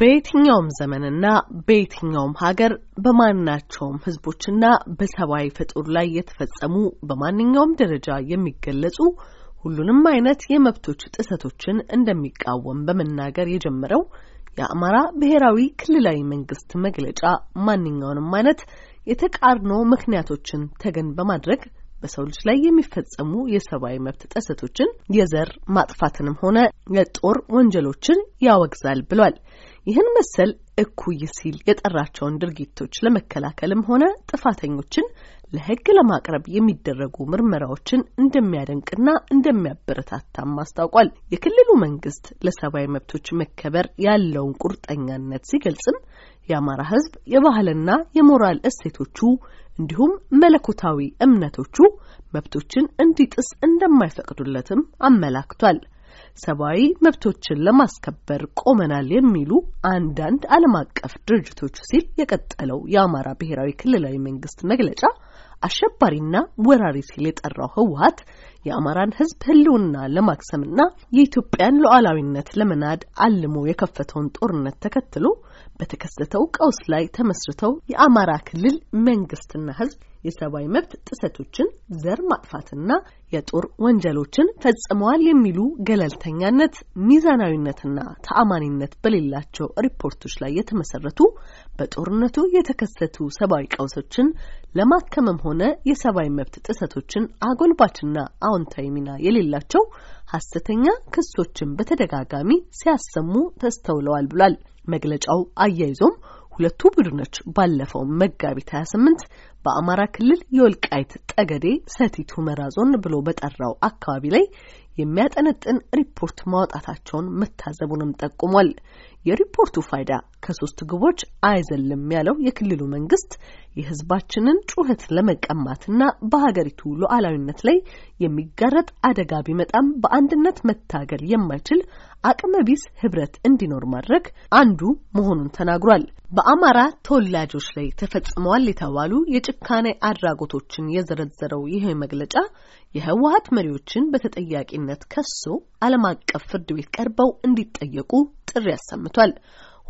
በየትኛውም ዘመንና በየትኛውም ሀገር በማናቸውም ህዝቦችና በሰብአዊ ፍጡር ላይ የተፈጸሙ በማንኛውም ደረጃ የሚገለጹ ሁሉንም አይነት የመብቶች ጥሰቶችን እንደሚቃወም በመናገር የጀመረው የአማራ ብሔራዊ ክልላዊ መንግስት መግለጫ ማንኛውንም አይነት የተቃርኖ ምክንያቶችን ተገን በማድረግ በሰው ልጅ ላይ የሚፈጸሙ የሰብአዊ መብት ጥሰቶችን፣ የዘር ማጥፋትንም ሆነ የጦር ወንጀሎችን ያወግዛል ብሏል። ይህን መሰል እኩይ ሲል የጠራቸውን ድርጊቶች ለመከላከልም ሆነ ጥፋተኞችን ለሕግ ለማቅረብ የሚደረጉ ምርመራዎችን እንደሚያደንቅና እንደሚያበረታታም አስታውቋል። የክልሉ መንግስት ለሰብአዊ መብቶች መከበር ያለውን ቁርጠኛነት ሲገልጽም የአማራ ሕዝብ የባህልና የሞራል እሴቶቹ እንዲሁም መለኮታዊ እምነቶቹ መብቶችን እንዲጥስ እንደማይፈቅዱለትም አመላክቷል። ሰብአዊ መብቶችን ለማስከበር ቆመናል የሚሉ አንዳንድ ዓለም አቀፍ ድርጅቶች ሲል የቀጠለው የአማራ ብሔራዊ ክልላዊ መንግስት መግለጫ አሸባሪና ወራሪ ሲል የጠራው ህወሀት የአማራን ህዝብ ህልውና ለማክሰምና የኢትዮጵያን ሉዓላዊነት ለመናድ አልሞ የከፈተውን ጦርነት ተከትሎ በተከሰተው ቀውስ ላይ ተመስርተው የአማራ ክልል መንግስትና ህዝብ የሰብአዊ መብት ጥሰቶችን፣ ዘር ማጥፋትና የጦር ወንጀሎችን ፈጽመዋል የሚሉ ገለልተኛነት፣ ሚዛናዊነትና ተአማኒነት በሌላቸው ሪፖርቶች ላይ የተመሰረቱ በጦርነቱ የተከሰቱ ሰብአዊ ቀውሶችን ለማከመም ሆነ የሰብአዊ መብት ጥሰቶችን አጎልባችና አዎንታዊ ሚና የሌላቸው ሀሰተኛ ክሶችን በተደጋጋሚ ሲያሰሙ ተስተውለዋል ብሏል። መግለጫው አያይዞም ሁለቱ ቡድኖች ባለፈው መጋቢት 28 በአማራ ክልል የወልቃይት ጠገዴ ሰቲት ሁመራ ዞን ብሎ በጠራው አካባቢ ላይ የሚያጠነጥን ሪፖርት ማውጣታቸውን መታዘቡንም ጠቁሟል። የሪፖርቱ ፋይዳ ከሶስት ግቦች አይዘልም ያለው የክልሉ መንግስት የህዝባችንን ጩኸት ለመቀማትና በሀገሪቱ ሉዓላዊነት ላይ የሚጋረጥ አደጋ ቢመጣም በአንድነት መታገል የማይችል አቅመ ቢስ ህብረት እንዲኖር ማድረግ አንዱ መሆኑን ተናግሯል። በአማራ ተወላጆች ላይ ተፈጽመዋል የተባሉ የጭካኔ አድራጎቶችን የዘረዘረው ይህ መግለጫ የህወሀት መሪዎችን በተጠያቂነት ከሶ ዓለም አቀፍ ፍርድ ቤት ቀርበው እንዲጠየቁ ጥሪ አሰምቷል።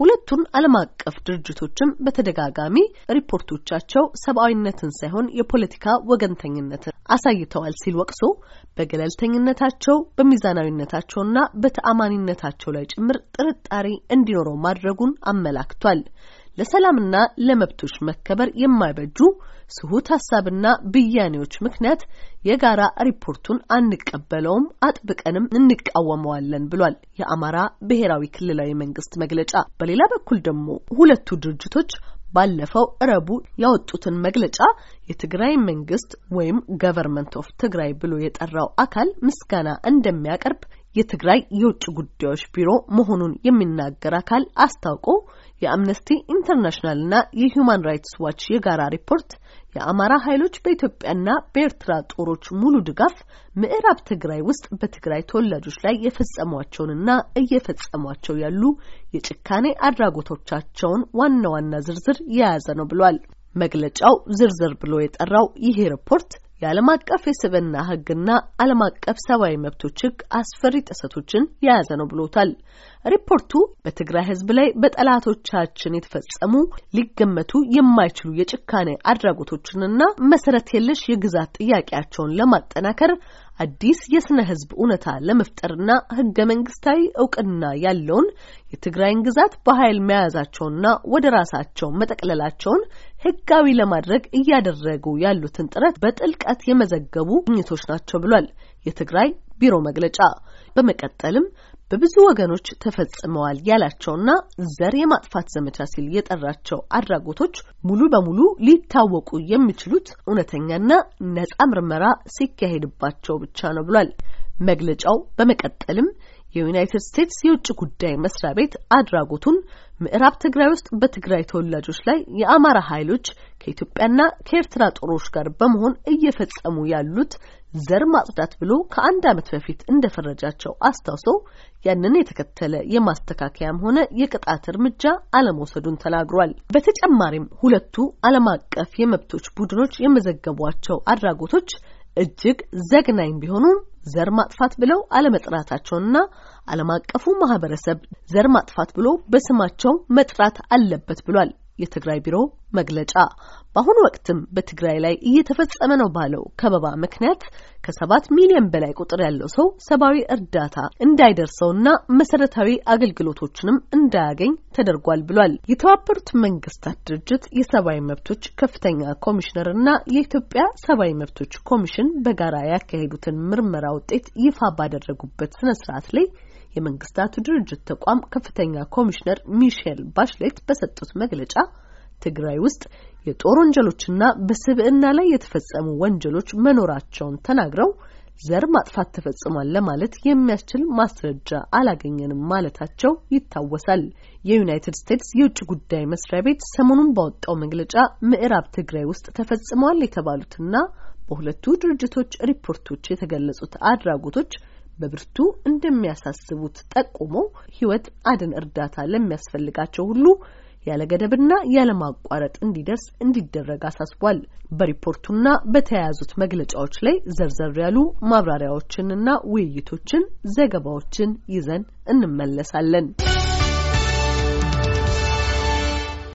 ሁለቱን ዓለም አቀፍ ድርጅቶችም በተደጋጋሚ ሪፖርቶቻቸው ሰብአዊነትን ሳይሆን የፖለቲካ ወገንተኝነትን አሳይተዋል ሲል ወቅሶ በገለልተኝነታቸው በሚዛናዊነታቸውና በተአማኒነታቸው ላይ ጭምር ጥርጣሬ እንዲኖረው ማድረጉን አመላክቷል። ለሰላምና ለመብቶች መከበር የማይበጁ ስሁት ሀሳብና ብያኔዎች ምክንያት የጋራ ሪፖርቱን አንቀበለውም፣ አጥብቀንም እንቃወመዋለን ብሏል የአማራ ብሔራዊ ክልላዊ መንግስት መግለጫ። በሌላ በኩል ደግሞ ሁለቱ ድርጅቶች ባለፈው እረቡ ያወጡትን መግለጫ የትግራይ መንግስት ወይም ገቨርንመንት ኦፍ ትግራይ ብሎ የጠራው አካል ምስጋና እንደሚያቀርብ የትግራይ የውጭ ጉዳዮች ቢሮ መሆኑን የሚናገር አካል አስታውቆ የአምነስቲ ኢንተርናሽናልና የሂውማን ራይትስ ዋች የጋራ ሪፖርት የአማራ ኃይሎች በኢትዮጵያና በኤርትራ ጦሮች ሙሉ ድጋፍ ምዕራብ ትግራይ ውስጥ በትግራይ ተወላጆች ላይ የፈጸሟቸውንና እየፈጸሟቸው ያሉ የጭካኔ አድራጎቶቻቸውን ዋና ዋና ዝርዝር የያዘ ነው ብሏል። መግለጫው ዝርዝር ብሎ የጠራው ይሄ ሪፖርት የዓለም አቀፍ የስብና ህግና ዓለም አቀፍ ሰብአዊ መብቶች ህግ አስፈሪ ጥሰቶችን የያዘ ነው ብሎታል። ሪፖርቱ በትግራይ ህዝብ ላይ በጠላቶቻችን የተፈጸሙ ሊገመቱ የማይችሉ የጭካኔ አድራጎቶችንና መሰረት የለሽ የግዛት ጥያቄያቸውን ለማጠናከር አዲስ የስነ ህዝብ እውነታ ለመፍጠርና ህገ መንግስታዊ እውቅና ያለውን የትግራይን ግዛት በኃይል መያዛቸውና ወደ ራሳቸው መጠቅለላቸውን ህጋዊ ለማድረግ እያደረጉ ያሉትን ጥረት በጥልቀት የመዘገቡ ግኝቶች ናቸው ብሏል የትግራይ ቢሮ መግለጫ። በመቀጠልም በብዙ ወገኖች ተፈጽመዋል ያላቸውና ዘር የማጥፋት ዘመቻ ሲል የጠራቸው አድራጎቶች ሙሉ በሙሉ ሊታወቁ የሚችሉት እውነተኛና ነጻ ምርመራ ሲካሄድባቸው ብቻ ነው ብሏል መግለጫው። በመቀጠልም የዩናይትድ ስቴትስ የውጭ ጉዳይ መስሪያ ቤት አድራጎቱን ምዕራብ ትግራይ ውስጥ በትግራይ ተወላጆች ላይ የአማራ ኃይሎች ከኢትዮጵያና ከኤርትራ ጦሮች ጋር በመሆን እየፈጸሙ ያሉት ዘር ማጽዳት ብሎ ከአንድ ዓመት በፊት እንደፈረጃቸው አስታውሶ ያንን የተከተለ የማስተካከያም ሆነ የቅጣት እርምጃ አለመውሰዱን ተናግሯል። በተጨማሪም ሁለቱ ዓለም አቀፍ የመብቶች ቡድኖች የመዘገቧቸው አድራጎቶች እጅግ ዘግናኝ ቢሆኑም ዘር ማጥፋት ብለው አለመጥራታቸውንና ዓለም አቀፉ ማህበረሰብ ዘር ማጥፋት ብሎ በስማቸው መጥራት አለበት ብሏል። የትግራይ ቢሮ መግለጫ በአሁኑ ወቅትም በትግራይ ላይ እየተፈጸመ ነው ባለው ከበባ ምክንያት ከሰባት ሚሊዮን በላይ ቁጥር ያለው ሰው ሰብአዊ እርዳታ እንዳይደርሰውና መሰረታዊ አገልግሎቶችንም እንዳያገኝ ተደርጓል ብሏል። የተባበሩት መንግስታት ድርጅት የሰብአዊ መብቶች ከፍተኛ ኮሚሽነር እና የኢትዮጵያ ሰብአዊ መብቶች ኮሚሽን በጋራ ያካሄዱትን ምርመራ ውጤት ይፋ ባደረጉበት ስነ ስርዓት ላይ የመንግስታቱ ድርጅት ተቋም ከፍተኛ ኮሚሽነር ሚሼል ባሽሌት በሰጡት መግለጫ ትግራይ ውስጥ የጦር ወንጀሎችና በስብዕና ላይ የተፈጸሙ ወንጀሎች መኖራቸውን ተናግረው ዘር ማጥፋት ተፈጽሟል ለማለት የሚያስችል ማስረጃ አላገኘንም ማለታቸው ይታወሳል። የዩናይትድ ስቴትስ የውጭ ጉዳይ መስሪያ ቤት ሰሞኑን ባወጣው መግለጫ ምዕራብ ትግራይ ውስጥ ተፈጽመዋል የተባሉትና በሁለቱ ድርጅቶች ሪፖርቶች የተገለጹት አድራጎቶች በብርቱ እንደሚያሳስቡት ጠቁመው ህይወት አድን እርዳታ ለሚያስፈልጋቸው ሁሉ ያለ ገደብና ያለ ማቋረጥ እንዲደርስ እንዲደረግ አሳስቧል። በሪፖርቱና በተያያዙት መግለጫዎች ላይ ዘርዘር ያሉ ማብራሪያዎችንና ውይይቶችን፣ ዘገባዎችን ይዘን እንመለሳለን።